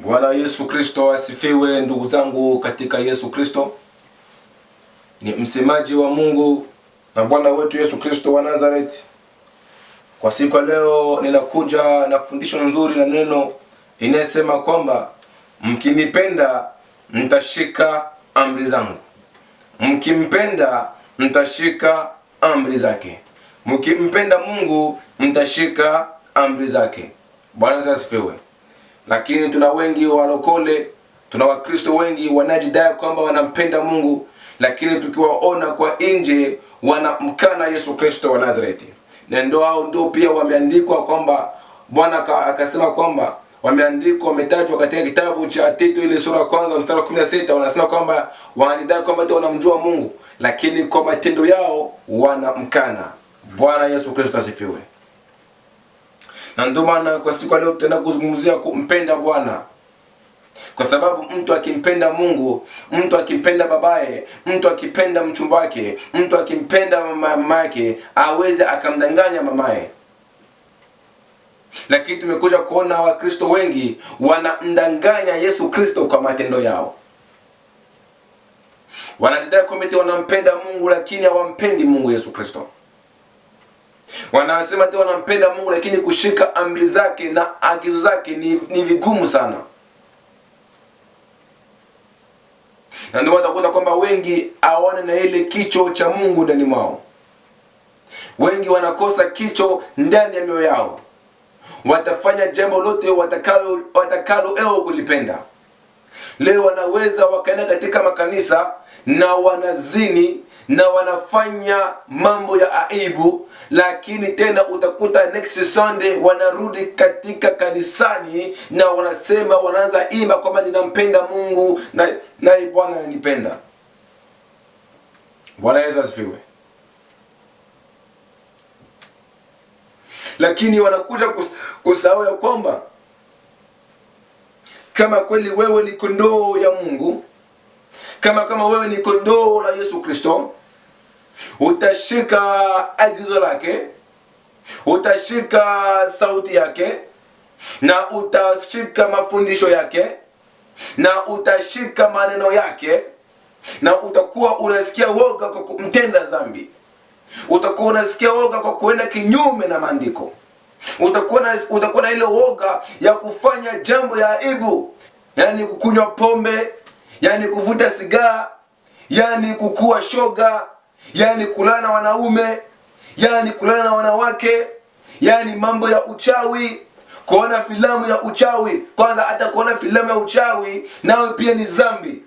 Bwana Yesu Kristo asifiwe, ndugu zangu katika Yesu Kristo. Ni msemaji wa Mungu na Bwana wetu Yesu Kristo wa Nazareti. Kwa siku ya leo ninakuja na fundisho nzuri na neno inayesema kwamba mkinipenda mtashika amri zangu, mkimpenda mtashika amri zake, mkimpenda Mungu mtashika amri zake. Bwana asifiwe lakini tuna wengi walokole, tuna Wakristo wengi wanajidai kwamba wanampenda Mungu, lakini tukiwaona kwa nje wanamkana Yesu Kristo wa Nazareti, na ndio hao ndio pia wameandikwa kwamba Bwana akasema kwamba wameandikwa wametajwa katika kitabu cha Tito ile sura ya kwanza mstari wa sita wanasema kwamba wanajidai kwamba tu wanamjua Mungu, lakini kwa matendo yao wanamkana. Bwana Yesu Kristo asifiwe. Na ndio maana kwa siku leo tutaenda kuzungumzia kumpenda Bwana, kwa sababu mtu akimpenda Mungu, mtu akimpenda babaye, mtu akipenda mchumba wake, mtu akimpenda mama yake, aweze akamdanganya mamaye. Lakini tumekuja kuona Wakristo wengi wanamdanganya Yesu Kristo kwa matendo yao. Wanajidai kwamba wanampenda Mungu, lakini hawampendi Mungu Yesu Kristo. Wanasema te wanampenda Mungu lakini kushika amri zake na agizo zake ni, ni vigumu sana, na ndio watakuta kwamba wengi hawana na ile kicho cha Mungu ndani mwao. Wengi wanakosa kicho ndani ya mioyo yao, watafanya jambo lote watakalo watakalo eo kulipenda. Leo wanaweza wakaenda katika makanisa na wanazini na wanafanya mambo ya aibu, lakini tena utakuta next Sunday wanarudi katika kanisani na wanasema, wanaanza imba kwamba ninampenda Mungu na naye Bwana ananipenda. Bwana Yesu asifiwe. Lakini wanakuja kusahau ya kwamba kama kweli wewe ni kondoo ya Mungu, kama kama wewe ni kondoo la Yesu Kristo utashika agizo lake, utashika sauti yake, na utashika mafundisho yake, na utashika maneno yake, na utakuwa unasikia woga kwa kumtenda dhambi, utakuwa unasikia woga kwa kuenda kinyume na maandiko, utakuwa na, utakuwa na ile woga ya kufanya jambo ya aibu, yani kukunywa pombe, yani kuvuta sigara yani kukua shoga yani kulala na wanaume, yani kulala na wanawake, yani mambo ya uchawi, kuona filamu ya uchawi. Kwanza hata kuona filamu ya uchawi nayo pia ni zambi.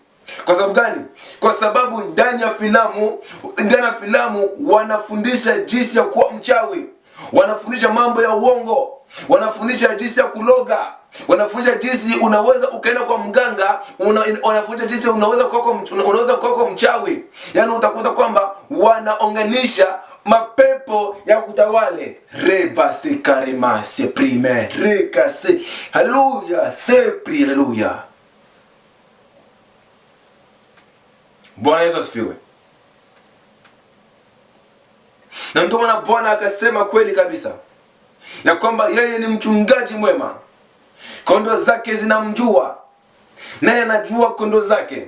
Kwa sababu gani? Kwa sababu ndani ya filamu, ndani ya filamu wanafundisha jinsi ya kuwa mchawi, wanafundisha mambo ya uongo, wanafundisha jinsi ya kuloga Wanafunza jinsi unaweza ukaenda kwa mganga, wanafunza jinsi unaweza kwa kwa unaweza kwa kwa mchawi. Yaani utakuta kwamba wanaonganisha mapepo ya kutawale reba se karima se prime reka se haleluya se pri haleluya. Bwana Yesu asifiwe. Na ndio maana Bwana akasema kweli kabisa ya kwamba yeye ni mchungaji mwema Kondoo zake zinamjua, naye anajua kondoo zake.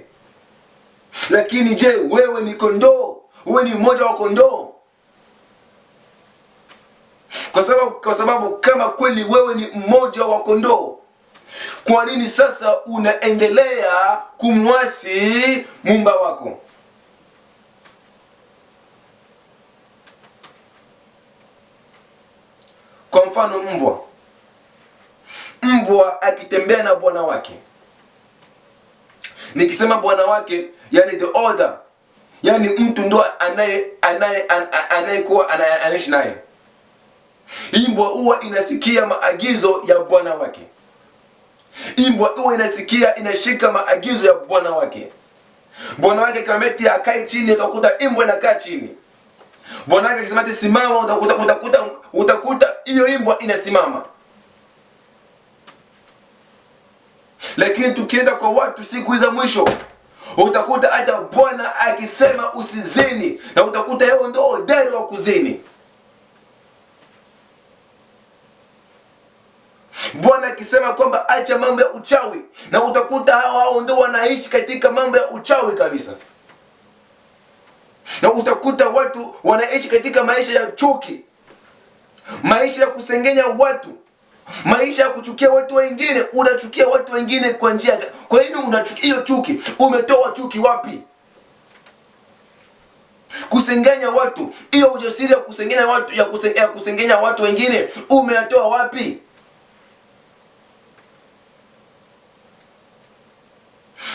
Lakini je, wewe ni kondoo? Wewe ni mmoja wa kondoo? Kwa sababu, kwa sababu kama kweli wewe ni mmoja wa kondoo, kwa nini sasa unaendelea kumwasi mumba wako? Kwa mfano mbwa mbwa akitembea na bwana wake. Nikisema bwana wake, yani the order, yani mtu ndo anaye anaye anayekuwa anaishi naye. Mbwa huwa inasikia maagizo ya bwana wake. Mbwa huwa inasikia inashika maagizo ya bwana wake. Bwana wake kameti akae chini, utakuta imbwa inakaa chini. Bwana wake akisema simama, utakuta utakuta utakuta hiyo imbwa inasimama. Lakini tukienda kwa watu siku za mwisho utakuta hata Bwana akisema usizini, na utakuta yeye ndio hodari wa kuzini. Bwana akisema kwamba acha mambo ya uchawi, na utakuta hao hao ndio wanaishi katika mambo ya uchawi kabisa, na utakuta watu wanaishi katika maisha ya chuki, maisha ya kusengenya watu maisha ya kuchukia watu wengine, unachukia watu wengine kwa njia. Kwa nini unachukia? Hiyo chuki umetoa chuki wapi? Kusengenya watu, hiyo ujasiri ya kusengenya watu, ya kusengenya, kusengenya watu wengine umeatoa wapi?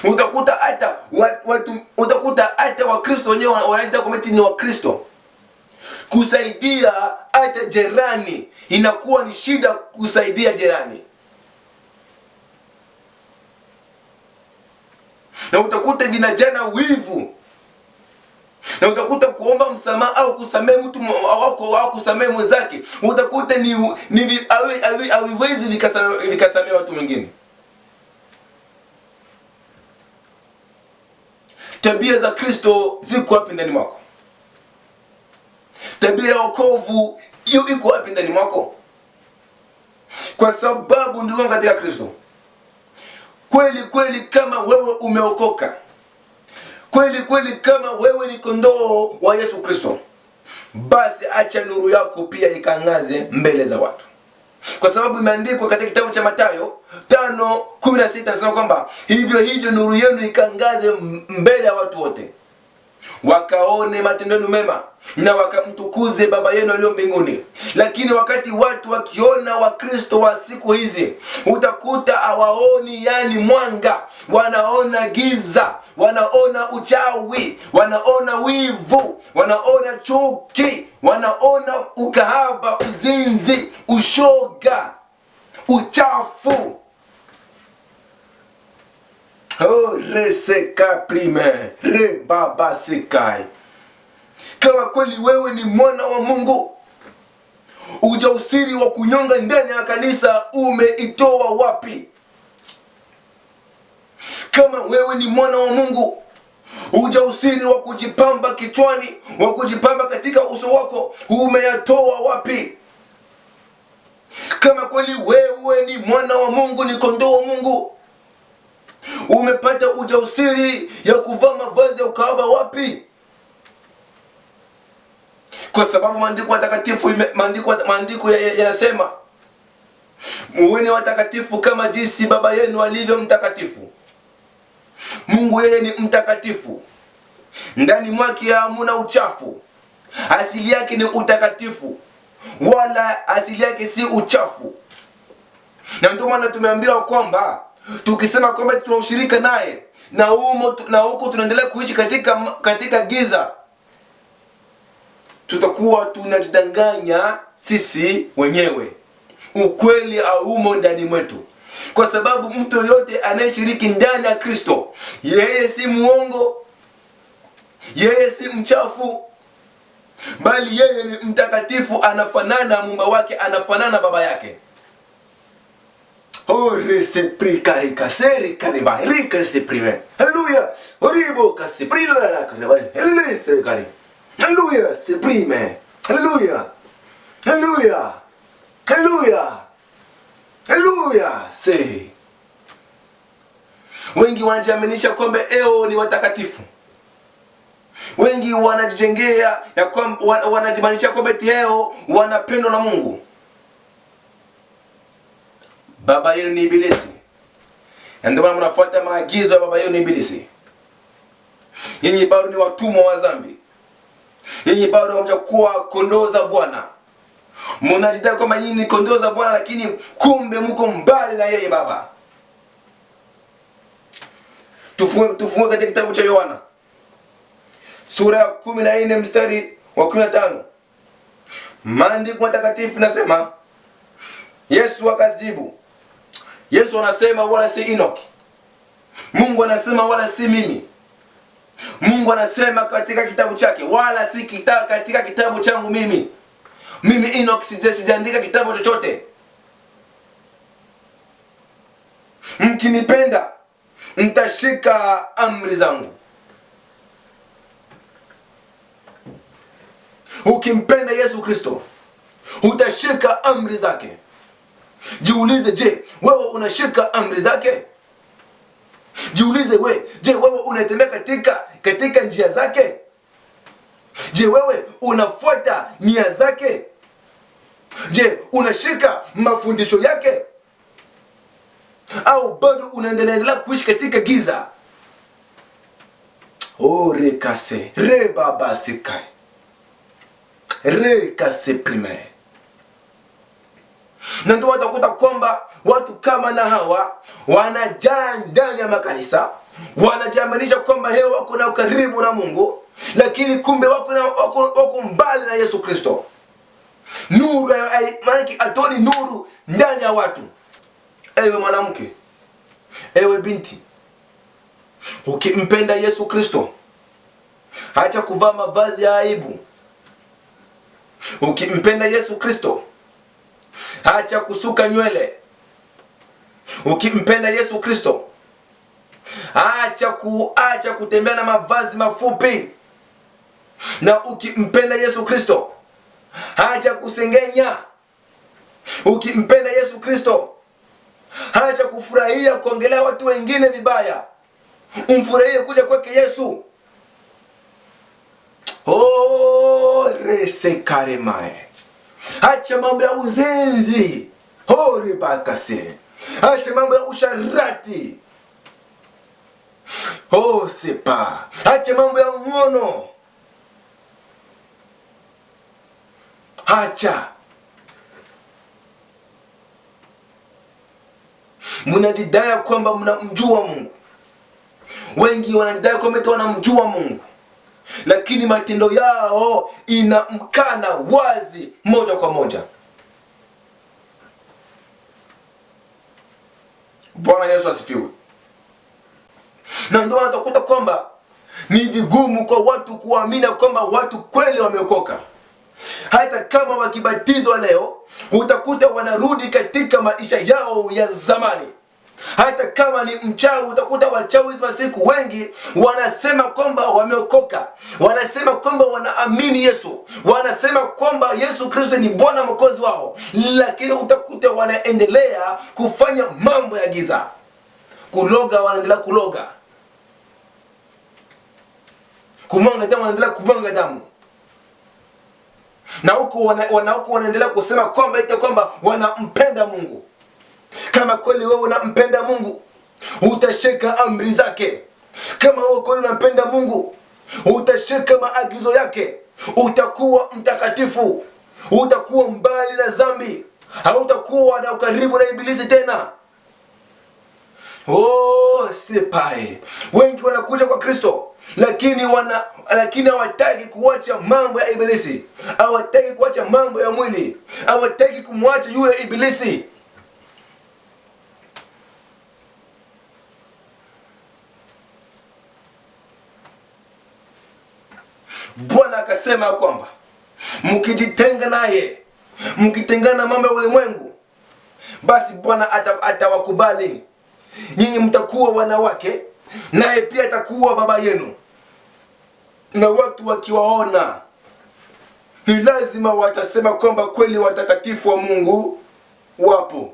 Utakuta hata watu, utakuta hata Wakristo wenyewe wanaita komiti ni Wakristo kusaidia hata jirani, inakuwa ni shida kusaidia jirani, na utakuta vinajana wivu, na utakuta kuomba msamaha au kusamehe mtu wako au kusamehe mwenzake, utakuta ni, ni haviwezi vikasamehe watu wengine. Tabia za Kristo ziko wapi ndani mwako? Tabia ya wokovu hiyo iko wapi ndani mwako? Kwa sababu ndugu katika Kristo, kweli kweli, kama wewe umeokoka kweli kweli, kama wewe ni kondoo wa Yesu Kristo, basi acha nuru yako pia ikang'aze mbele za watu, kwa sababu imeandikwa katika kitabu cha Mathayo 5:16 nasema kwamba hivyo hivyo nuru yenu ikangaze mbele ya watu wote wakaone matendo mema na wakamtukuze Baba yenu aliyo mbinguni. Lakini wakati watu wakiona Wakristo wa siku hizi, utakuta awaoni yani mwanga, wanaona giza, wanaona uchawi, wanaona wivu, wanaona chuki, wanaona ukahaba, uzinzi, ushoga, uchafu Oh, reseka prime rebaba sekai. Kama kweli wewe ni mwana wa Mungu, ujausiri wa kunyonga ndani ya kanisa umeitoa wapi? Kama wewe ni mwana wa Mungu, ujausiri wa kujipamba kichwani, wa kujipamba katika uso wako umeyatoa wapi? Kama kweli wewe ni mwana wa Mungu, ni kondoo wa Mungu Umepata ujausiri ya kuvaa mavazi ya ukahaba wapi? Kwa sababu maandiko matakatifu maandiko yanasema ya, muweni watakatifu kama jinsi baba yenu alivyo mtakatifu. Mungu yeye ni mtakatifu, ndani mwake hamuna uchafu, asili yake ni utakatifu, wala asili yake si uchafu, na ndio maana tumeambiwa kwamba tukisema kwamba tuna ushirika naye na humo na huko tunaendelea kuishi katika katika giza, tutakuwa tunajidanganya sisi wenyewe, ukweli haumo ndani mwetu, kwa sababu mtu yoyote anayeshiriki ndani ya Kristo, yeye si muongo, yeye si mchafu, bali yeye ni mtakatifu, anafanana muumba wake, anafanana baba yake. Ore se pri care casere, care mai se prime. Aleluia! Oribo ca se prime la care mai se care. Aleluia! Se prime. Aleluia! Aleluia! Aleluia! Aleluya! Se. Wengi wanajiaminisha kwamba eo ni watakatifu. Wengi wanajijengea ya kwamba wanajimaanisha kwamba eo wanapendwa na Mungu baba yenu ni Ibilisi, na ndio maana mnafuata maagizo ya baba yenu ni Ibilisi. Nyinyi bado ni watumwa wa dhambi, nyinyi bado hamjakuwa kondoo za Bwana. Mnajitaka kwamba nyinyi ni kondoo za Bwana, lakini kumbe mko mbali na yeye Baba. tufunge tufunge katika kitabu cha Yohana sura ya kumi na nne mstari wa kumi na tano maandiko matakatifu nasema, Yesu akajibu Yesu anasema wala si Enoch. Mungu anasema wala si mimi. Mungu anasema katika kitabu chake wala si kita, katika kitabu changu mimi. Mimi Enoki sijaandika kitabu chochote. Mkinipenda mtashika amri zangu. Ukimpenda Yesu Kristo utashika amri zake. Jiulize, je, wewe unashika amri zake? Jiulize we, je, wewe unatembea katika katika njia zake? Je, wewe unafuata nia zake? Je, unashika mafundisho yake, au bado unaendelea kuishi katika giza? Oh, rekase rebabasikae rekase primaire na ndio watakuta kwamba watu kama na hawa wanajaa ndani ya makanisa, wanajamanisha kwamba hewa wako na ukaribu na Mungu, lakini kumbe wako, wako, wako mbali na Yesu Kristo. Nuru maanake atoni nuru ndani ya watu. Ewe mwanamke, ewe binti, ukimpenda Yesu Kristo, acha kuvaa mavazi ya aibu. Ukimpenda Yesu Kristo Acha kusuka nywele. Ukimpenda Yesu Kristo, acha kuacha kutembea na mavazi mafupi, na ukimpenda Yesu Kristo, acha kusengenya. Ukimpenda Yesu Kristo, acha kufurahia kuongelea watu wengine vibaya, umfurahie kuja kwake Yesu. Oh, resekaremae Hacha mambo ya uzinzi hori bakase, hacha mambo ya usharati hosepa, hacha mambo ya ngono, hacha Munajidai kwamba mnamjua Mungu, wengi wanajidai kwamba wanamjua Mungu lakini matendo yao inamkana wazi moja kwa moja. Bwana Yesu asifiwe. Na ndio utakuta kwamba ni vigumu kwa watu kuamini kwamba watu kweli wameokoka. Hata kama wakibatizwa leo, utakuta wanarudi katika maisha yao ya zamani. Hata kama ni mchawi, utakuta wachawi hizi masiku wengi wanasema kwamba wameokoka, wanasema kwamba wanaamini Yesu, wanasema kwamba Yesu Kristo ni Bwana mwokozi wao, lakini utakuta wanaendelea kufanya mambo ya giza, kuloga, wanaendelea kuloga, kumwanga damu, wanaendelea kumwanga damu na huku wanaendelea kusema kwamba ita kwamba wanampenda Mungu kama kweli wewe unampenda Mungu utashika amri zake. Kama wewe kweli unampenda Mungu utashika maagizo yake. Utakuwa mtakatifu, utakuwa mbali na dhambi, hautakuwa na ukaribu na ibilisi tena. Oh, sipae wengi wanakuja kwa Kristo lakini wana lakini hawataki kuacha mambo ya ibilisi, hawataki kuacha mambo ya mwili, hawataki kumwacha yule ibilisi. Bwana akasema ya kwamba mkijitenga naye, mkitengana na mama ya ulimwengu, basi Bwana atawakubali nyinyi, mtakuwa wanawake naye pia atakuwa baba yenu, na watu wakiwaona ni lazima watasema kwamba kweli watakatifu wa Mungu wapo,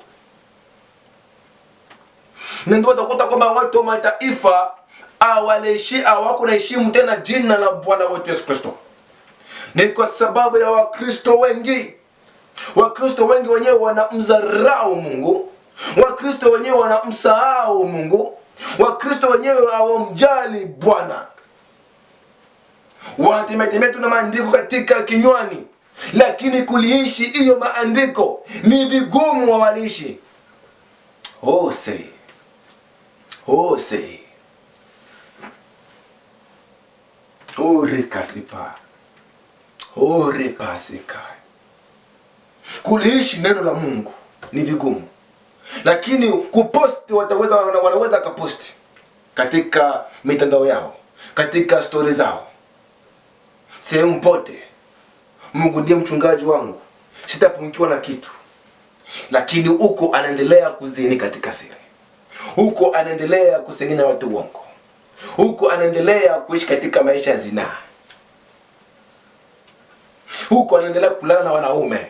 na ndio watakuta kwamba watu wa mataifa heshima tena jina la Bwana wetu Yesu Kristo. Ni kwa sababu ya Wakristo wengi, Wakristo wengi wenyewe wanamdharau Mungu, Wakristo wenyewe wanamsahau Mungu, Wakristo wenyewe hawamjali Bwana, wanatemetemea tu na maandiko katika kinywani, lakini kuliishi hiyo maandiko ni vigumu wawaliishi. Hose hose ore kasipa Kuliishi neno la Mungu ni vigumu, lakini kuposti wataweza, wanaweza kaposti katika mitandao yao, katika stori zao, sehemu pote. Mungu ndiye mchungaji wangu, sitapungikiwa na kitu. Lakini huko anaendelea kuzini katika siri, huko anaendelea kusengenya watu uongo huku anaendelea kuishi katika maisha ya zinaa, huku anaendelea kulala na wanaume,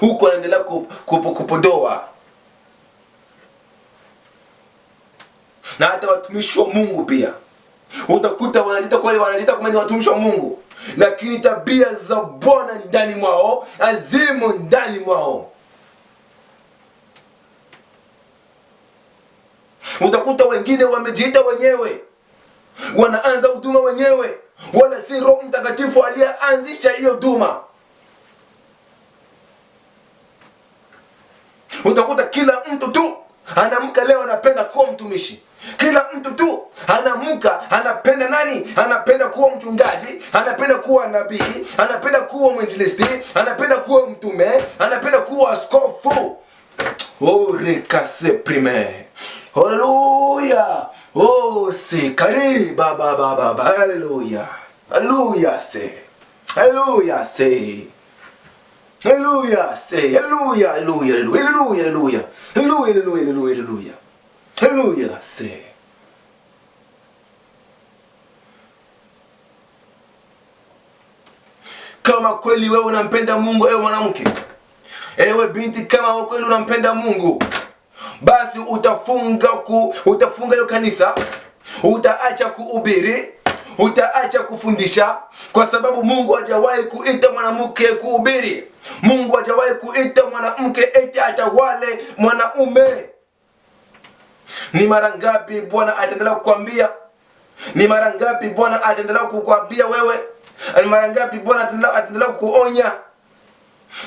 huku anaendelea kupodoa na hata watumishi wa Mungu pia utakuta wanajita kweli, wanajita kama ni watumishi wa Mungu, lakini tabia za Bwana ndani mwao, azimu ndani mwao Utakuta wengine wamejiita wenyewe, wanaanza huduma wenyewe, wala si Roho Mtakatifu aliyeanzisha hiyo huduma. Utakuta kila mtu tu anaamka leo anapenda kuwa mtumishi. Kila mtu tu anaamka anapenda nani? Anapenda kuwa mchungaji, anapenda kuwa nabii, anapenda kuwa mwinjilisti, anapenda kuwa mtume, anapenda kuwa askofu. Orekase primaire. Haleluya! Oh, se kari ba ba ba ba ba. Haleluya. Haleluya se. Haleluya se. Haleluya se. Haleluya, haleluya, haleluya, haleluya. Haleluya, haleluya, haleluya, haleluya. Haleluya se. Kama kweli wewe unampenda Mungu, ewe mwanamke, ewe binti, kama wewe kweli unampenda Mungu basi utafunga ku, utafunga hiyo kanisa, utaacha kuhubiri, utaacha kufundisha, kwa sababu Mungu hajawahi kuita mwanamke kuhubiri. Mungu hajawahi kuita mwanamke eti atawale mwanaume. Ni mara ngapi Bwana ataendelea kukwambia? Ni mara ngapi Bwana ataendelea kukwambia wewe? Ni mara ngapi Bwana ataendelea kukuonya?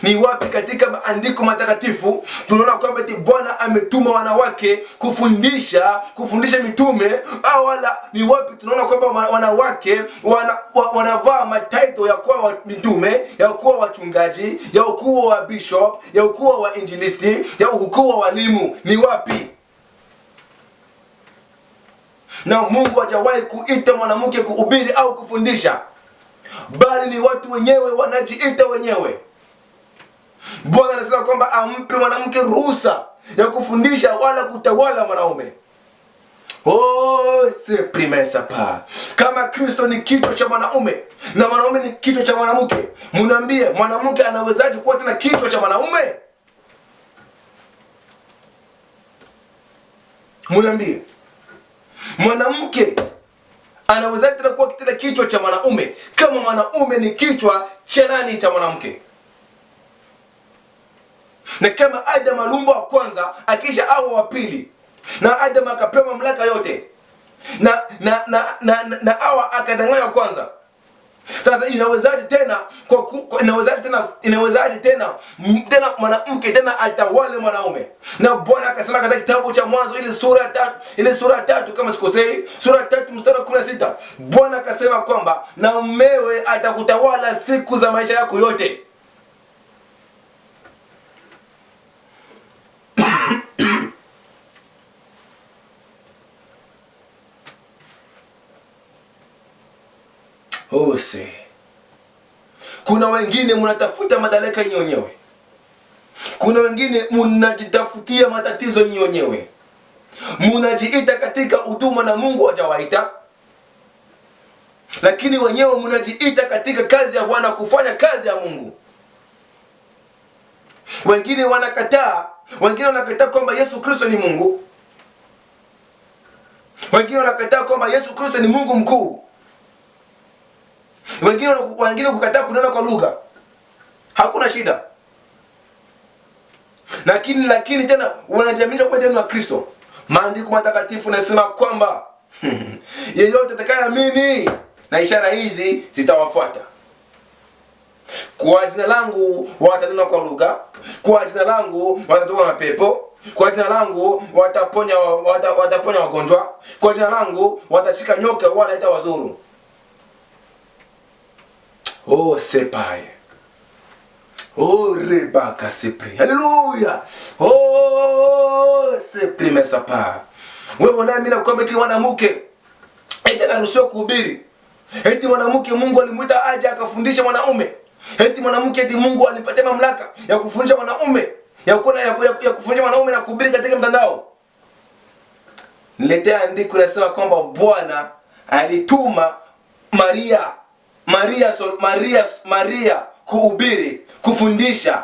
Ni wapi katika maandiko matakatifu tunaona kwamba ti Bwana ametuma wanawake kufundisha kufundisha mitume, au wala ni wapi tunaona kwamba wanawake wana, wa, wanavaa mataito ya kuwa mitume, ya kuwa wachungaji, ya kuwa wa bishop, ya kuwa wa injilisti, ya kuwa walimu? Ni wapi? Na Mungu hajawahi kuita mwanamke kuhubiri au kufundisha, bali ni watu wenyewe wanajiita wenyewe Bwana anasema kwamba ampe mwanamke ruhusa ya kufundisha wala kutawala mwanaume. Oh, se primesa pa. Kama Kristo ni kichwa cha mwanaume na mwanaume ni kichwa cha mwanamke, mnaambie mwanamke anawezaje kuwa tena kichwa cha mwanaume? Mnaambie mwanamke anawezaje tena kuwa tena kichwa cha mwanaume kama mwanaume ni kichwa cha nani? Cha mwanamke na kama Adam aliumbwa wa kwanza akisha awa wa pili, na Adam akapewa mamlaka yote na na na, na, na, na awa akadanganywa kwanza. Sasa inawezaje tena kwa, kwa inawezaje tena inawezaje tena tena mwanamke tena atawale mwanaume? Na Bwana akasema katika kitabu cha Mwanzo ile sura ya tatu ile sura ya tatu kama sikosei, sura ya tatu mstari wa sita Bwana akasema kwamba na mumewe atakutawala siku za maisha yako yote. mguse. Kuna wengine mnatafuta madaraka wenyewe kuna wengine mnajitafutia matatizo wenyewe munajiita katika utumwa na Mungu hajawaita, lakini wenyewe mnajiita katika kazi ya Bwana, kufanya kazi ya Mungu. Wengine wanakataa, wengine wanakataa kwamba Yesu Kristo ni Mungu, wengine wanakataa kwamba Yesu Kristo ni Mungu mkuu wengine wengine kukataa kunena kwa lugha hakuna shida, lakini lakini tena wanajamilisha kwa tena Kristo. Maandiko matakatifu nasema kwamba yeyote atakayeamini na ishara hizi zitawafuata kwa jina langu watanena kwa lugha, kwa jina langu watatoka mapepo, kwa jina langu wataponya wataponya wagonjwa, kwa jina langu watashika nyoka wala wazuru Oh sepaye. Oh rebaka sepri. Haleluya. Oh sepri mesapa. Wewe unaamini kwamba eti mwanamke eti anaruhusiwa kuhubiri? Eti mwanamke Mungu alimwita aje akafundisha mwanaume? Eti mwanamke eti Mungu alipatia mamlaka ya kufundisha mwanaume? Ya kuna ya, ya, ya kufundisha mwanaume na kuhubiri katika mtandao? Niletea andiko nasema kwamba Bwana alituma Maria Maria, Maria, Maria kuhubiri, kufundisha.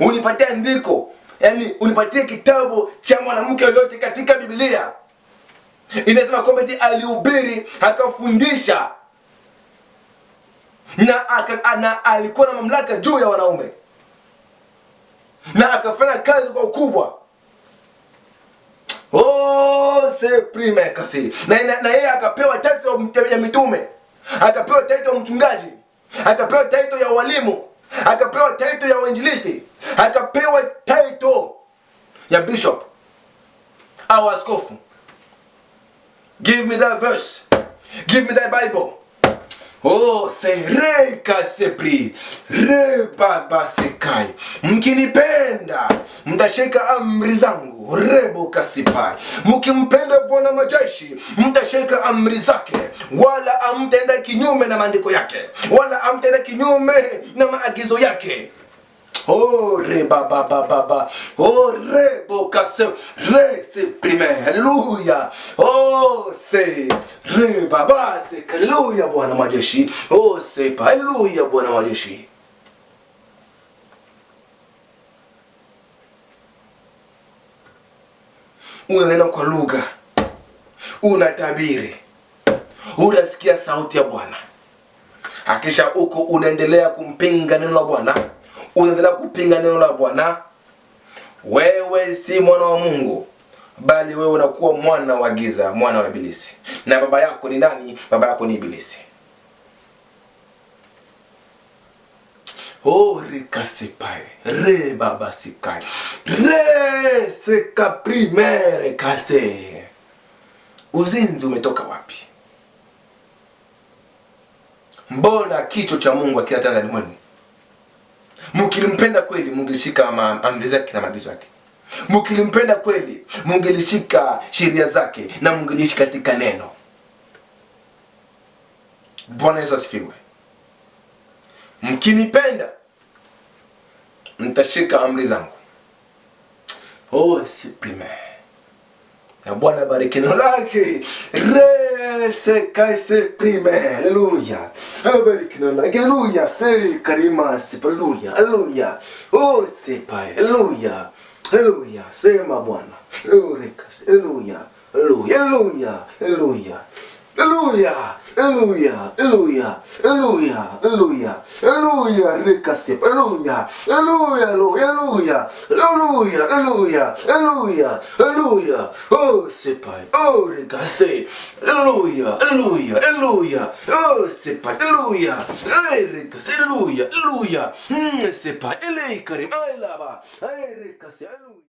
Unipatie andiko, yani unipatie kitabu cha mwanamke yoyote katika Biblia inasema kwamba ti alihubiri akafundisha na, aka, alikuwa na mamlaka juu ya wanaume na akafanya kazi kwa ukubwa. Oh, se prime kasi na yeye akapewa tatu ya mitume akapewa taito ya mchungaji, akapewa taito ya walimu, akapewa taito ya uinjilisti, akapewa taito ya bishop au askofu. Give me that verse. Give me that Bible. Oh, sereka sepri re baba sekai, mkinipenda mtashika amri zangu rebo kasipai, mkimpenda Bwana majeshi mtashika amri zake, wala amtenda kinyume na maandiko yake, wala amtenda kinyume na maagizo yake. Oh, reba, ba, ba, ba, ba. Oh, rebo, kase, re, se, prime. Haleluya. Oh, se, re ba, se, haleluya, Bwana majeshi. Oh, se, haleluya, Bwana majeshi. Unanena kwa lugha, unatabiri, unasikia sauti ya Bwana, akisha uko unaendelea kumpinga neno la Bwana unaendelea kupinga neno la Bwana? Wewe si mwana wa Mungu, bali wewe unakuwa mwana wa giza, mwana wa Ibilisi. Na baba yako ni nani? Baba yako ni Ibilisi. orikasipae oh, re babasikae re sekaprimere kase. Uzinzi umetoka wapi? Mbona kicho cha Mungu akiatandanimwenu mkilimpenda kweli mungelishika amri zake na maagizo yake. Mkilimpenda kweli mungelishika sheria zake na mungeliishi katika neno. Bwana Yesu asifiwe. Mkinipenda mtashika amri zangu. Oh, sublime. Na Bwana bariki neno lake. se cae se prime, aleluya. Berkinana, aleluya, Se carima se aleluya, aleluya. Oh, pae, aleluya, aleluya, buena, buena, aleluya, aleluya, aleluya, aleluya. Alleluia! Alleluia! Alleluia! Alleluia! Alleluia! Alleluia! Ricca stipa! Alleluia! Alleluia! Alleluia! Alleluia! Alleluia! Alleluia! Alleluia! Oh stipai! Oh ricca sei! Alleluia! Alleluia! Alleluia! Oh stipai! Alleluia! Ehi ricca sei! Alleluia! Alleluia! Mmm stipai! Ehi cari! Ehi lava! Ehi ricca Alleluia!